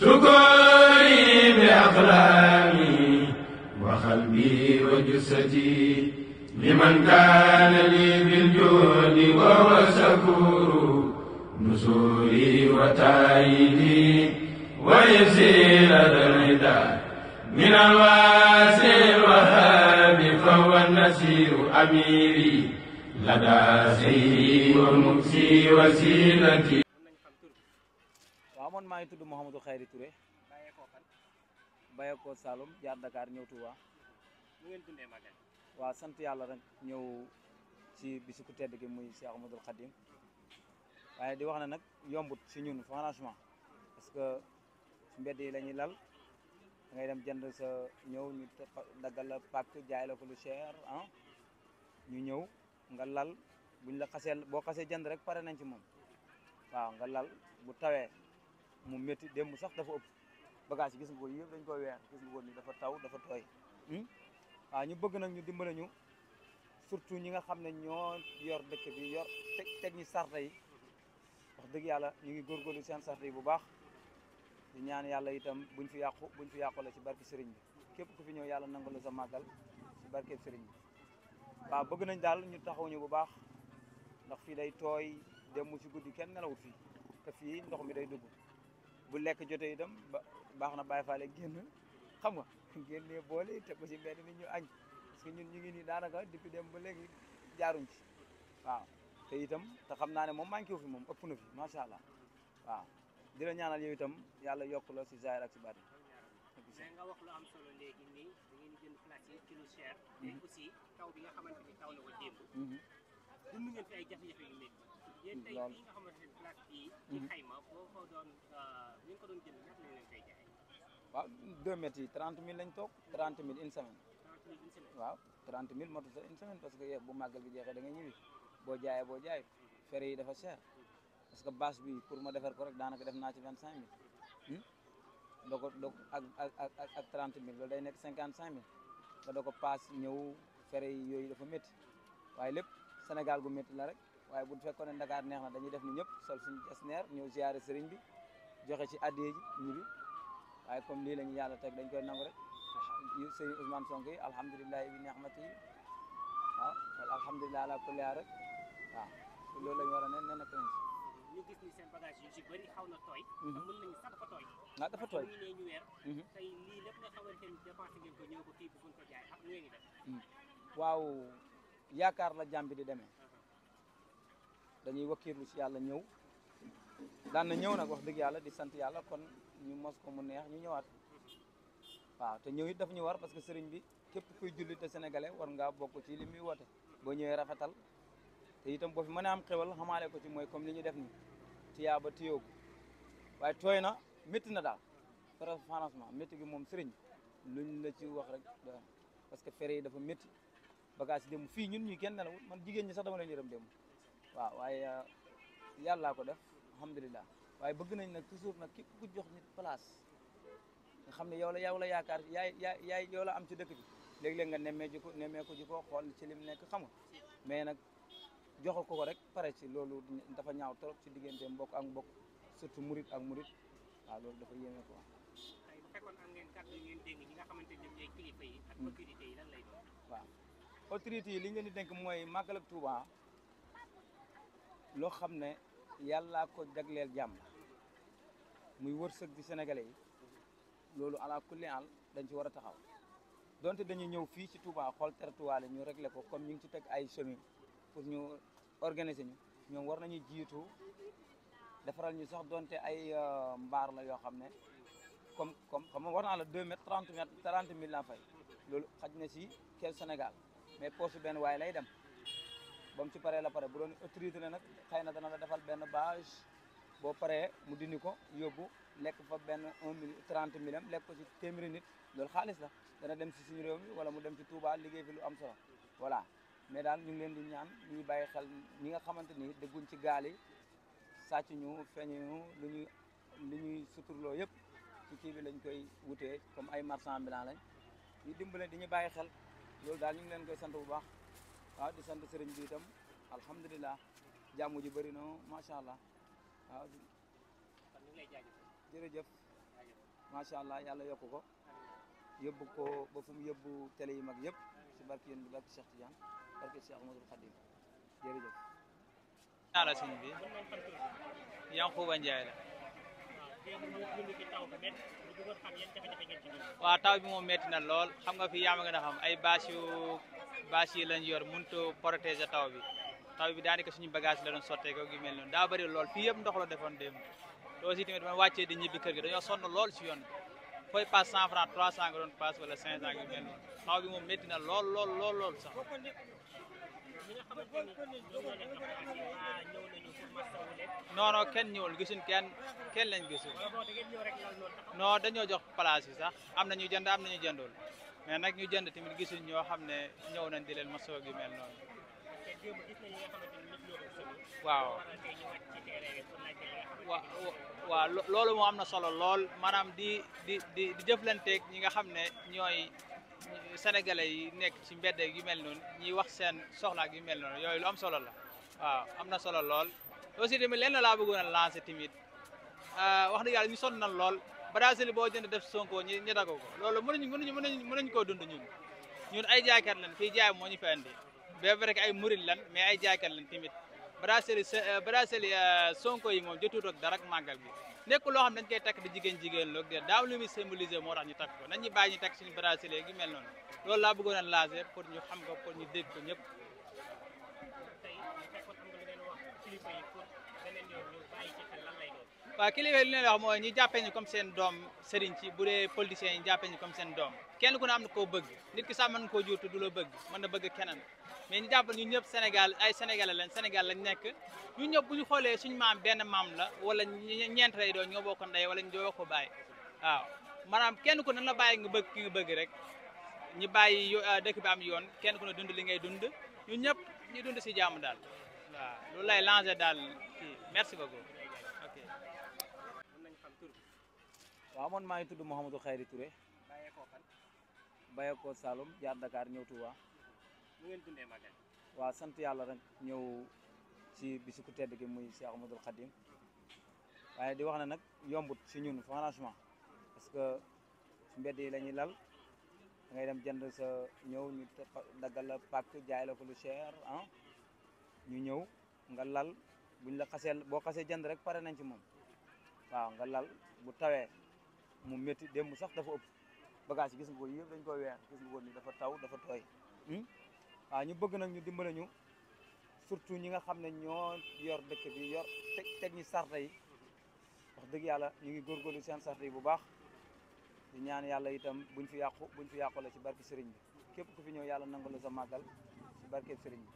شكري بأقلامي وقلبي وجسدي لمن كان لي بالجود وهو شكور نسوري وتايدي ويسير الرداء من الواسع الوهاب فهو النسير أميري لدى سيدي ومكسي وسيلتي man maa ngi tudd Mouhamadou Khayri Touré. bàyyeekoo fan. bàyyeekoo Saloum jaar Dakar ñëw Touba. nu ngeen waaw sant yàlla rek ñëw si bisu ku tedd gi muy Cheikh Ahmadoul Khadim waaye di wax na nag yombut si ñun franchement parce que su mbedd yi lañuy lal da ngay dem jënd sa ñëw ñu daggal la jaay la ko lu cher ah. ñu ñëw nga lal buñ la xasee boo xasee jënd rek pare nañ ci moom waaw nga lal bu tawee. mu métti démb sax dafa ëpp bagage yi gis nga ko yëpp dañ koy weer gis nga ko dafa taw dafa tooy waa hmm? ah, ñu bëgg nag ñu dimbale ñu surtout ñi nga xam ne ñoo yor dëkk bi yor teg teg ñi sarta yi wax dëgg yàlla ñu ngi góorgóorlu seen sarta yi bu baax di ñaan yàlla itam buñ fi yàqu buñ fi yàqu la ci barke sëriñ bi képp ku fi ñoo yàlla nangu la sa màggal ci barke sëriñ bi waaw bëgg nañ daal ñu taxaw bu baax ndax fii day tooy dem ci guddi kenn nelawut fii te fii ndox mi day dugg bu lekk jotee itam ba baax na bàyyi faale génn xam nga génnee boole te ko si benn nit ñu añ parce que ñun ñu ngi nii daanaka depuis dem ba léegi jaaruñ ci waaw te itam te xam naa ne moom manqué wu fi moom ëpp na fi macha allah waaw di la ñaanal yow itam yàlla yokkuloo la si zaahir ak si baatin nga wax lu am solo léegi nii da ngeen di mhm. taw bi nga xamante ni na ñu ko waaw 2 mètres yi 30 000 lañ toog trent 000 une semaine. waaw 30 000 motu sa une semaine parce que bu màggal bi jeexee da ngay ñibbi boo jaayee boo jaay fere yi dafa cher parce que bâche bi pour ma defar ko rek daanaka def naa ci vingt 000. Hmm? doo ko doo ak ak ak ak 30 day nekk 55 000 nga doo ko paas ñëw fere yi yooyu dafa métti waaye lépp Sénégal gu métti la rek waaye bu fekkoon ne Dakar neex na dañuy def ni ñëpp sol suñu jasneer ñëw ziare sëriñ bi. joxe ci addee ji ñibbi waaye comme lii la yàlla teg dañ koy nangu rek bi nehmati yi waaw wala alhamdulilah ala kulli loolu la war a ne na ko ñu gis ni seen bagage yu ci bëri na tooy. dafa mhm. tooy. ah dafa tooy ñu ne ñu mhm. lii lépp nga ko ñëw ko kii mhm. waaw yaakaar la jàmbi di demee uh-huh. dañuy wakkiirlu ci yàlla ñëw. daan na ñëw nag wax dëgg yàlla di sant yàlla kon ñu mos ko mu neex ñu ñëwaat waaw te ñëw it daf ñu war parce que sëriñ bi képp koy jullit te sénégalais war ngaa bokk ci li muy woote boo ñëwee rafetal te itam boo fi mën a am xewal xamaale ko ci mooy comme li ñu def ni tiyaa ba tiyoo ko waaye tooy na metti na daal très franchement métti gi moom sëriñ luñ la ci wax rek parce que fere yi dafa métti bagage yi dem fii ñun ñu kenn nelawul man jigéen ñi sax dama leen yërëm dem waaw ko def alhamdulilah waaye bëgg nañ nag toujours nag képp ku jox nit place nga xam ne yow la yow la yaakaar yaay yaay yaay yow la am ci dëkk bi léeg-léeg nga nemmee ji ko nemmee ji ko xool ci lim nekk xam nga mais nag joxal ko ko rek pare si loolu dafa ñaaw trop ci diggante mbokk ak mbokk surtout murit ak murit waaw loolu dafa yéeme ko bu nga xamante ne ñooy kilifa yi hmm. yi lan lay doon. waaw autorités yi li ngeen di mooy màggal ak loo xam ne. yàllaa ko jagleel jàmm muy wërsëg di sénégalais yi loolu ala kulli al dañ si war a taxaw donte dañuy ñëw fii si Touba xool territoire ñu réglé ko comme ñu ngi ci teg ay chemin pour ñu organiser ñu ñoom war nañu jiitu defaral ñu sax donte ay euh, mbaar la yoo xam ne comme comme xam nga war naa la 2 mètres 30 mètres 30 mille la fay loolu xaj na si keesu Sénégal mais poche benn waaye lay dem. ba mu ci paree la pare bu doon autorité na nag xëy na dana la defal benn bâche boo paree mu dindi ko yóbbu lekk fa benn un mille trente mille am lekk ko ci téeméeri nit loolu xaalis la dana dem si suñu réew mi wala mu dem si Touba liggéey fi lu am solo voilà mais daal ñu ngi leen di ñaan ñuy bàyyi xel ñi nga xamante ni dégguñ ci gaal yi sàcc ñu feeñu lu ñuy li ñuy suturloo yëpp ci kii bi lañ koy wutee comme ay marchand ambulant lañ ñu dimbalee di ñu bàyyi xel loolu daal ñu ngi leen koy sant bu baax waaw di sant sëriñ bi itam alhamdulilah jàmm ji bëri na macha allah waaw. kon ñu allah yàlla yokk ko. yóbbu ko ba fu mu yóbbu télé mag yëpp. si barke yéen bi barke Cheikh Tidiane barke Cheikh Amadou Khadim jërëjëf. naa la sëñ bi. Yankuba Ndiaye la. waaw na lool xam nga fi yaa ma gën a ay bâche bâche yi lañ yor mënutoo protéger taw bi taw bi daanaka suñu bagage la doon sottee ko gi mel noonu daa bëri lool fii yëpp ndox la defoon démb te aussi tamit man wàccee di ñibbi kër gi dañoo sonn lool si yoon bi fooy passe cent franc trois cent nga doon passe wala cinq cent gi mel noonu taw bi moom métti na lool lool lool lool sax non noo ken ñëwul gisuñ kenn ken lañ gisul non dañoo jox place yi sax am na ñu jënd am na ñu jëndul mais nag ñu jënd tamit gisuñ ñoo xam ne ñëw nañ di leen masoo gi mel noonu. waaw waaw loolu moo am na solo lool maanaam di di di di jëflanteeg ñi nga xam ne ñooy senegale yi nekk ci mbedd gi mel noonu ñiy wax seen soxlaak gi mel noonu yooyu lu am solo la waaw am na solo lool si tamit lenn laa bëggoon a lancer tamit euh, wax dëgg yàlla ñi sonn na lool Brazil boo jënd def Sonko ñi ñi dagg ko loolu mënuñ mënuñ mënuñ mënuñ koo dund ñun ñun ay jaaykat lan fii jaay moo ñu fi andi ba vrai ay murid lan mais ay jaaykat lan tamit Brazil euh, Sonko yi moom jotuut ak dara ak màggal bi nekk loo xam dañ koy takk di jigéen jigéen loog de daaw lu muy symboliser moo tax ñu takk ko nañ ñu bàyyi ñu takk suñu Brazil gi mel noonu loolu laa bëggoon a laser pour ñu xam ko pour ñu dégg ko ñëpp. waaw kili li leen wax mooy ñi jàppee ñu comme seen doom sëriñ ci bu dee politiciens yi jàppee ñu comme seen doom kenn ku ne am na koo bëgg nit ki sax mën koo juutu du la bëgg mën a bëgg keneen mais ñu jàppal ñu ñëpp Sénégal ay Sénégalais lañ Sénégal lañ nekk ñu ñëpp bu ñu xoolee suñu maam benn maam la wala ñeent lay doon ñoo bokk ndey wala ñoo bokk baay waaw maanaam kenn ku ne la bàyyi nga bëgg ki nga bëgg rek ñu bàyyi euh, dëkk bi am yoon kenn ku ne dund li ngay dund ñu ñëpp ñu dund si jàmm daal waaw loolu lay lancé daal kii merci waaw man maa ngi tudd Mouhamadou Khayri Touré. bàyyeekoo fan. bàyyeekoo Saloum jaar Dakar ñëw Touba. nu sant yàlla rek ñëw ci bisu ku tedd gi muy Cheikh Ahmadoul Khadim waaye di wax na nag yombut si ñun franchement parce que su mbedd yi lañuy lal da ngay dem jënd sa ñëw ñu daggal la jaay la ko lu cher ah. ñu ñëw nga lal buñ la xasee boo xasee jënd rek pare nañ ci moom waaw nga lal bu tawee. mu métti démb sax dafa ëpp bagage yi gis nga ko yëpp dañ koy weer gis nga ko ni dafa taw dafa tooy waa hmm? ah, ñu bëgg nag ñu dimbale ñu surtout ñi nga xam ne ñoo yor dëkk bi yor teg teg ñi sarta yi wax dëgg yàlla ñu ngi góorgóorlu seen sarta yi bu baax di ñaan yàlla itam buñ fi yàqu buñ fi yàqu la ci barke sëriñ bi képp ku fi ñëw yàlla nangu la sa màggal ci barke sëriñ bi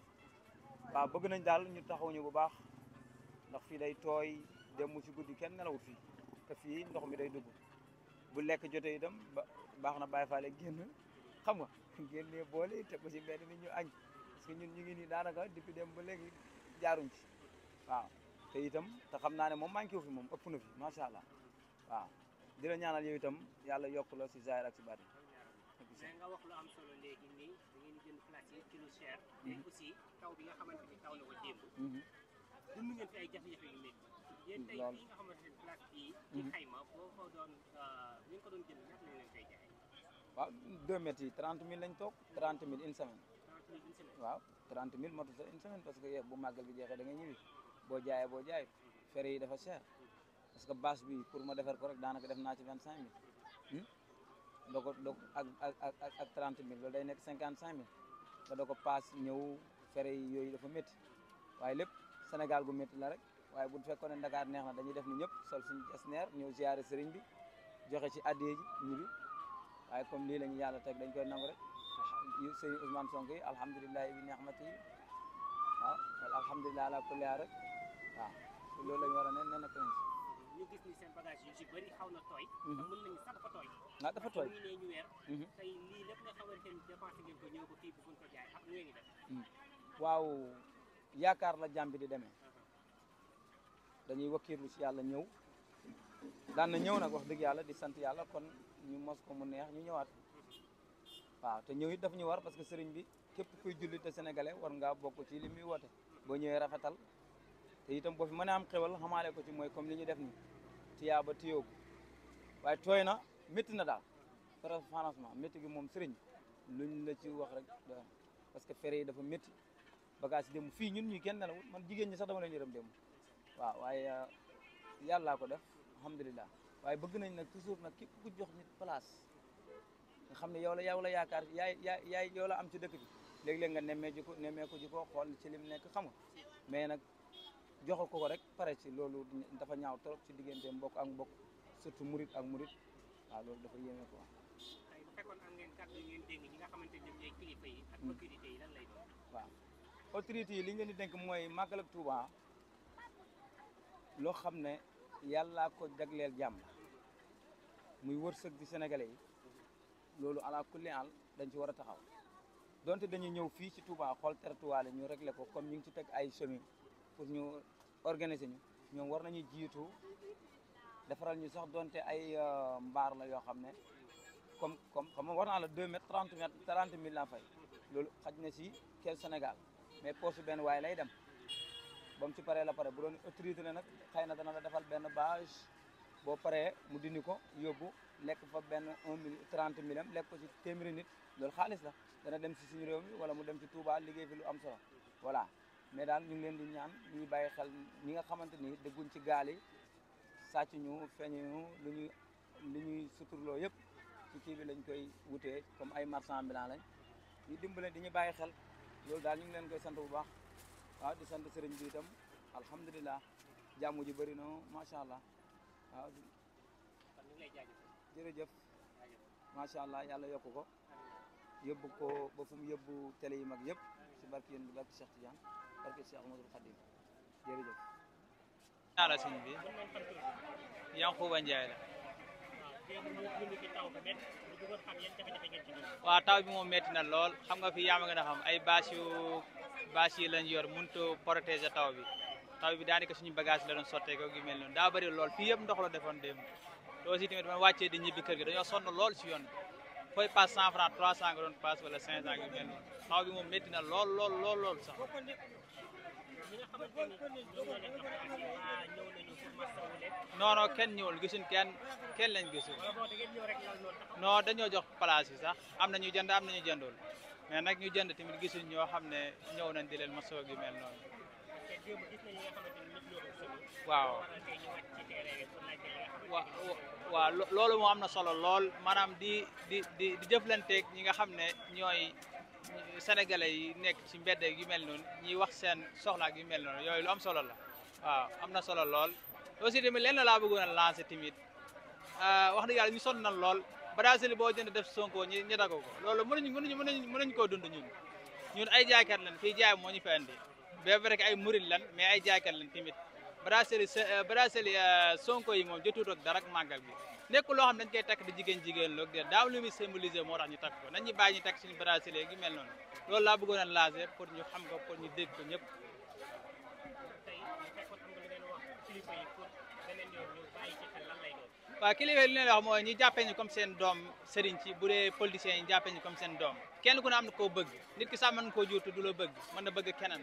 waa bëgg nañ daal ñu taxaw ñu bu baax ndax fii day tooy dem si guddi kenn nelawut fii te fii ndox mi day dugg bu lekk jotee itam baax na bàyyi faale génn xam nga génnee boole te ko ci benn mi ñu añ parce que ñun ñu ngi nii daanaka depuis dem ba léegi jaaruñ ci waaw te itam te xam naa ne moom manqué wu fi moom ëpp na fi macha allah waaw di la ñaanal yow itam yàlla yokk la si zaahir ak si baatin mais nga wax lu am da ngeen di jënd place yi ci lu cher. Mhm. taw bi nga xamante ni taw na lool tey fii nga xamante mhm. euh, yi 30 000 lañ toog 30 000 une semaine. waaw 30 000 motu sa une semaine parce que bu màggal gi jeexee da nga boo jaayee boo jaay fere yi dafa cher parce que bâche bi pour ma defar ko rek daanaka def naa ci 25 000. doo ko doo ak day nekk cinquante 000 nga doo ko paas ñëw fere yi yooyu dafa métti waaye lépp Sénégal gu métti la rek. waaye bu fekkoon ne Dakar neex na dañuy def ni ñëpp sol suñu jasneer ñëw ziare sëriñ bi joxe ci addee ji ñibbi waaye comme lii la ñu yàlla teg dañ koy nangu rek sëriñ Ousmane Sonko yi alhamdulilahi bi nehmati yi waaw wala alhamdulilah ala kulli loolu la war a ne na ko ñu gis ni seen bagage yu ci bëri xaw na tooy. Mhm. Mhm. lépp nga xamante ni dépensé ko ñëw ko fii mhm. la jàmbi di demee. dañuy wakkiirlu ci yàlla ñëw daan na ñëw nag wax dëgg yàlla di sant yàlla kon ñu mos ko mu neex ñu ñëwaat waaw te ñëw it daf ñu war parce que sëriñ bi képp kuy jullit te sénégalais war ngaa bokk ci li muy woote boo ñëwee rafetal te itam boo fi mën a am xewal xamaale ko ci mooy comme li ñu def ni tiyaa ba tiyoo ko waaye tooy na métti na daal très franchement métti gi moom sëriñ luñ la ci wax rek parce que fere yi dafa métti bagage yi dem fii ñun ñuy kenn nelawul man jigéen ñi sax dama leen yërëm dem waaw waaye uh, laa ko def alhamdulilah waaye bëgg nañ nag toujours nag képp ku jox nit place nga xam ne yow la yow la yaakaar yaay yaay yaay yow la am ci dëkk bi léeg-léeg nga nemmee ji ko nemmee ko ji ko xool ci lim nekk xam nga mais nag joxal ko ko rek pare ci loolu dafa ñaaw trop ci diggante mbokk ak mbokk surtout murit ak murit waaw loolu dafa yéeme ko fekkoon am ngeen kàddu nga xamante ne ñooy kilifa yi hmm. yi lan lay doon. waaw autorité yi mooy màggal ak Touba. loo xam ne yàlla ko jagleel jàmm muy wërsëg di sénégalais yi loolu ala kulli al dañ si war a taxaw donte dañuy ñëw fii si Touba xool territoire ñu réglé ko comme ñu ngi ci teg ay chemin pour ñu organiser ñu ñoom war nañu jiitu defaral ñu sax donte ay euh, mbaar la yoo xam ne comme comme xam nga war naa la 2 mètres 30 mètres 30 mille la fay loolu xaj na si kel Sénégal mais poche benn waaye lay dem. ba mu ci paree la pare bu doon autorité na nag xëy na dana la defal benn bâche boo paree mu dindi ko yóbbu lekk fa benn un mille trente mille am lekk ko ci téeméeri nit loolu xaalis la dana dem si suñu réew mi wala mu dem ci Touba liggéey fi lu am solo voilà mais daal ñu ngi leen di ñaan ñu bàyyi xel ñi nga xamante ni dëgguñ ci gaal yi sàcc ñu feeñu lu ñuy li ñuy suturloo yëpp ci kii bi lañ koy wutee comme ay marchand ambulant lañ ñu dimbalee di ñu bàyyi xel loolu daal ñu ngi leen koy sant bu baax waaw di sant sëriñ bi itam alhamdulilah jàmm ji bëri na macha allah waaw. kon ñu ngi allah yàlla yokk ko. yóbbu ko ba fu mu yi mag yëpp. si barke yéen bi barke Cheikh Tidiane barke Cheikh Ahmadoul Khadim jërëjëf. naa la sëñ bi Yankuba Ndiaye la. lool xam nga fi yaa ma gën a ay bâche bâche yi lañ yor mënutoo protéger taw bi taw bi daanaka suñu bagage la doon sottee ko gi mel noonu daa bari lool fii yëpp ndox la defoon démb te aussi tamit man wàccee di ñibbi kër gi dañoo son sonn lool si yoon bi fooy pass 100 francs 300 nga doon pass wala 500 gi mel noonu taw bi moom métti na lool lool lool lool sax non non kenn ñëwul gisuñ kenn kenn lañ gisul noo dañoo jox place bi sax am na ñu jënd am na ñu jëndul mais nag ñu jënd tamit gisuñ ñoo xam ne ñëw nañ di leen masoo gi mel noonu. waaw waaw loolu moo am na solo lool maanaam di di di di jëflanteeg ñi nga xam ne ñooy senegale yi nekk ci mbedd gi mel noonu ñiy wax seen soxlaak yu mel noonu yooyu lu am solo la waaw am na solo lool aussi tamit lenn laa bëggoon a lancer tamit euh, wax dëgg yàlla ñi sonn na lool Brésil boo jënd def Sonko ñi ñi dagg ko loolu mënuñ mënuñ mënuñ mënuñ koo dund ñun ñun ay jaaykat lan fii jaay moo ñu fi andi ba vrai que ay murid lan mais ay jaaykat lan tamit Brésil Brésil euh, Sonko yi moom jotuut ak dara ak màggal nekk loo xam dañ koy takk di jigéen jigéen lo de daaw lu muy symboliser moo tax ñu takk ko nañ ñu bàyyi ñu takk suñu Brésil gi mel noonu loolu laa bëggoon a laase pour ñu xam ko pour ñu dégg ko ñëpp. waaw kilifa li leen wax mooy ñi jàppee ñu comme seen doom sëriñ ci bu dee politiciens yi jàppee ñu comme seen doom kenn ku ne am na koo bëgg nit ki sax mën koo juutu du la bëgg mën na bëgg keneen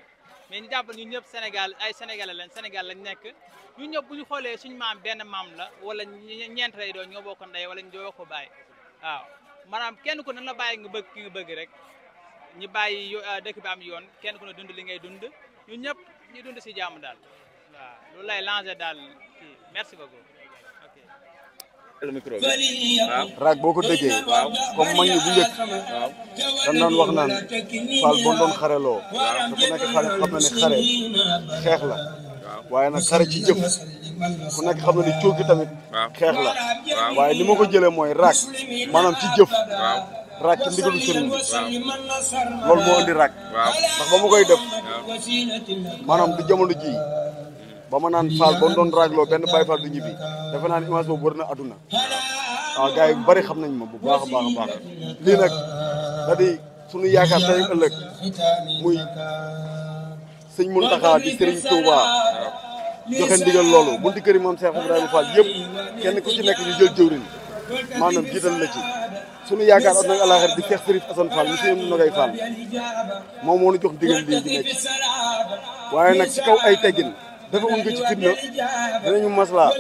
mais ñu jàpp ñu ñëpp Sénégal ay Sénégalais la Sénégal lañ nekk ñu ñëpp bu ñu xoolee suñu maam benn maam la wala ñeent lay doo ñoo bokk ndey wala ñu joo ko bàyyi waaw maanaam kenn ku ne la bàyyi nga bëgg ki nga bëgg rek ñu bàyyi euh, dëkk bi am yoon kenn ku ne dund li ngay dund ñu ñëpp ñu dund si jàmm daal waaw loolu lay lancé daal merci beaucoup raag boo ko déggee comme mag ñi bu njëkk dañ doon wax naan Fall bon doon xareloo te ku nekk xare xam na ne xare xeex la waaye nag xare ci jëf ku nekk xam na ne cooki tamit xeex la waaye li ma ko jëlee mooy rag maanaam ci jëf raak ci ndigalu sëriñ bi loolu moo indi raak ndax ba ma koy du jamono ji ba ma naan Fall ba doon raagloo benn Baye Fall du ñibbi defe naa ne image boobu wër na adduna waaw ah, gars yi bari xam nañ ma bu baax a baax a lii nag cest à suñu yaakaar tey ëllëg muy sëñ Mountakha di Serigne Touba joxe ndigal loolu bunti kër yi maam Cheikh Ibrahima yëpp kenn ku ci nekk ñu jël jëwrin maanaam jiital la ci sunu yaakaar ak nag àllaaxira di Cheikh Serif Assane Fall monsieur Moussa Nogay Fall moom moo ñu jox ndigal lii di nekk waaye nag ci kaw ay teggin. dafa um ko ci fitna dinañu maslaa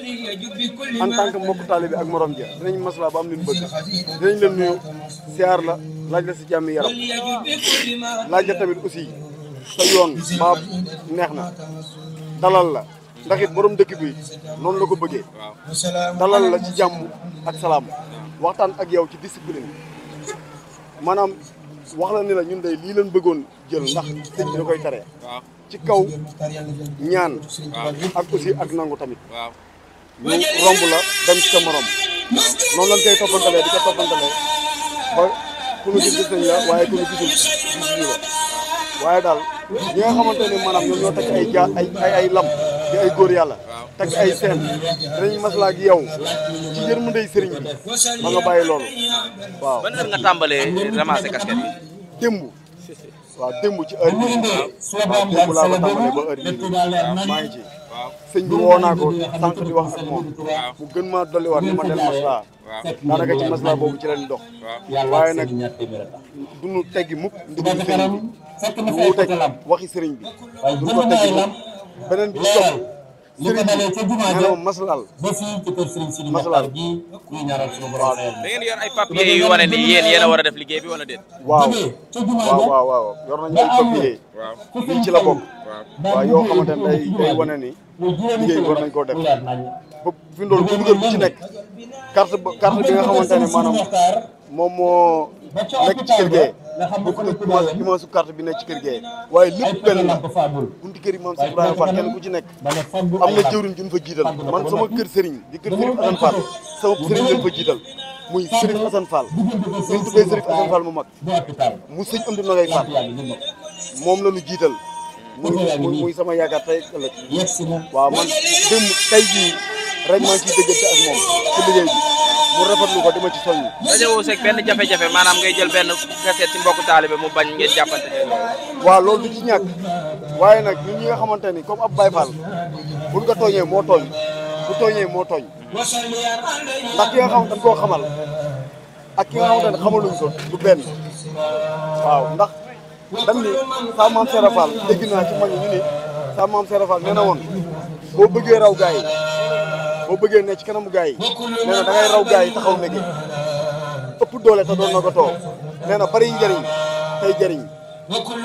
en tant que mbokk taalibe ak morom ja dinañu maslaa ba am lu ñu bëgg dinañ leen nuyu la laaj la si jàmm yaram laaj la tamit aussi sa yoon baab neex na dalal la ndax it borom dëkk bi noonu la ko bëggee dalal la ci jàmm ak salaam waxtaan ak yow ci discipline maanaam wax la ni la ñun day lii leen bëggoon jël ndax sëñ bi da koy tere ci kaw ñaan ak aussi ak nangu tamit ñu romb la dem ci sa morom noonu di ko toppantalee ba la waaye ku ñu gisul gis ñu la waaye daal ñi nga xamante ne maanaam ñoom ñoo takk ay ja ay lam di ay góor yàlla takk ay seen dinañ maslaa ak yow ci yërmande sëriñ bi ma nga bàyyi loolu waaw ban heure nga tàmbalee ramasser casquette yi démb waaw démb ci heure bii waaw démb laa ko tàmbalee ba heure bii maa ngi ci sëñ bi woo naa ko sànq di wax ak moom mu gën maa dolliwaat ni ma del maslaa daanaka ci maslaa boobu ci leen dox waaye nag du ñu teggi mukk ndigalu sëriñ bi du ñu teg waxi sëriñ bi du ñu teggi mukk beneen bi ci li ko dalee ca jumaa ja gi ñuy ñaanal suñu borom da ngeen ay papier yu wane ni yéen yéen a war a def liggéey bi wala déet waaw ca jumaa ja waaw waaw yor nañu ay papier ci la bokk waaw yoo xamante ne day day wane ni liggéey war nañ koo def ba fi ndool bu dugal bu ci nekk carte carte bi nga xamante ne maanaam moom moo nekk ci kër gee bokk na commencé ci maasu carte bi nekk ci kër gee waaye lépp benn la bunti kër yi maam Cheikh kenn ku ci nekk am na jëwriñ juñ fa jiital man sama kër sëriñ di kër sëriñ Assane Fall sama sëriñ lañ fa jiital muy sëriñ Assane Fall mu mag mu sëñ am di nogay Fall moom la ñu jiital muy sama yaakaar tey ëllëg waaw man démb tey jii rek maa ngi ciy déggante ak moom ci liggéey bi mu rafetlu ko dama ci soññu. dajewoo seeg benn jafe-jafe maanaam ngay jël benn kaset ci mbokk taalibe mu bañ ngeen jàppante ne waaw loolu du ci ñàkk waaye nag ñun ñi nga xamante ni comme ab Baye Fall buñ ko tooñee moo tooñ bu tooñee moo tooñ ndax ki nga xam dañ koo xamal ak ki xamaluñ ko du benn waaw ndax dañ ni sa maam Serap naa ci mag ñu ni sa maam Serap Fall nee na woon boo bëggee raw gaay boo bëggee ne ci kanamu gars yi nee na da raw gars yi taxaw nege ëpp doole te doon na ko too nee na bari njëriñ tey jëriñ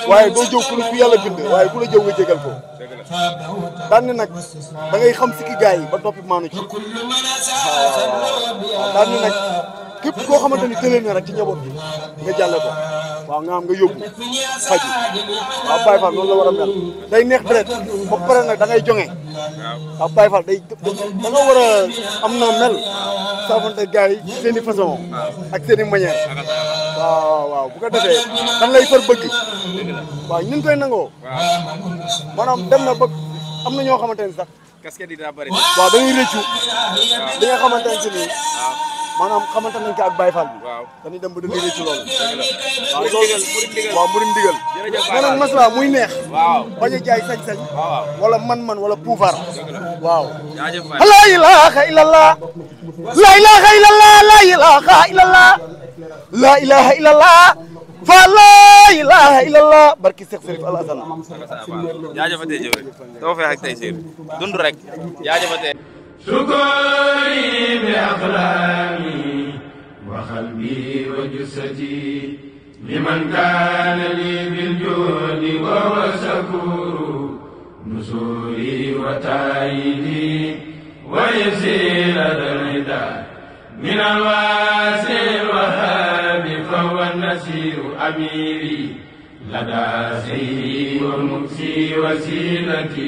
waaye doo jëw ku ku yàlla bind waaye ku la jëw nga jégal ko daan ne nag da ngay xam sikki gars yi ba noppi maanu ci daan ne nag képp koo xamante ni tëlee na rek ci njaboot bi nga jàlle ko waaw nga am nga yóbbu faj waaw Baye Fall noonu la war a mel day neex deret ba pare nag da ngay joŋe waaw Baye Fall day da nga war a am na mel saafante gars yi seen ak seen i waaw waaw bu ko defee dan lay far bëgg waaw ñu ngi koy nangoo maanaam dem na ba am na ñoo xamante ne sax. casquette yi daa bëri. rëccu li nga si nii. maanaam xamante nañ ko ak Baye Fall waaw dañuy dem ba dëgg ci loolu. waaw waaw murid muy neex. waaw bañ a jaay sañ wala man-man wala pouvoir. waaw. laa ilaaha illallah. laa ilaaha illallah laa ilaaha illallah. laa ilaaha illallah. fa laa ilaaha barki Seex Sërif Alassane. jaajëfatee jëf rek. doo fee ak tey Sëriñ dund rek jaajëfatee. شكري بأقلامي وقلبي وجسدي لمن كان لي بالجود وهو شكور نسوري وتايدي ويسير الرداء من الواسع الوهاب فهو النسير أميري لدى سيدي ومكسي وسيلتي